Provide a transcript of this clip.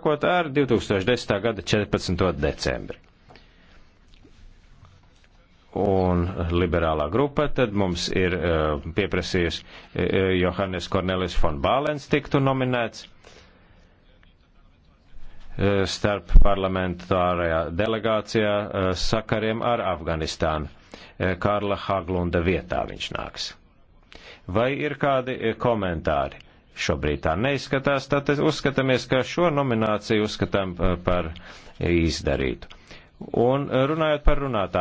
sākot ar 2010. gada 14. decembri. Un liberālā grupa tad mums ir uh, pieprasījusi uh, Johannes Cornelis von Bālens tiktu nominēts uh, starp parlamentārajā delegācijā uh, sakariem ar Afganistānu. Uh, Karla Haglunda vietā viņš nāks. Vai ir kādi komentāri? šobrīd tā neizskatās, tad uzskatāmies, ka šo nomināciju uzskatām eh, par izdarītu. Un eh, runājot par runātāju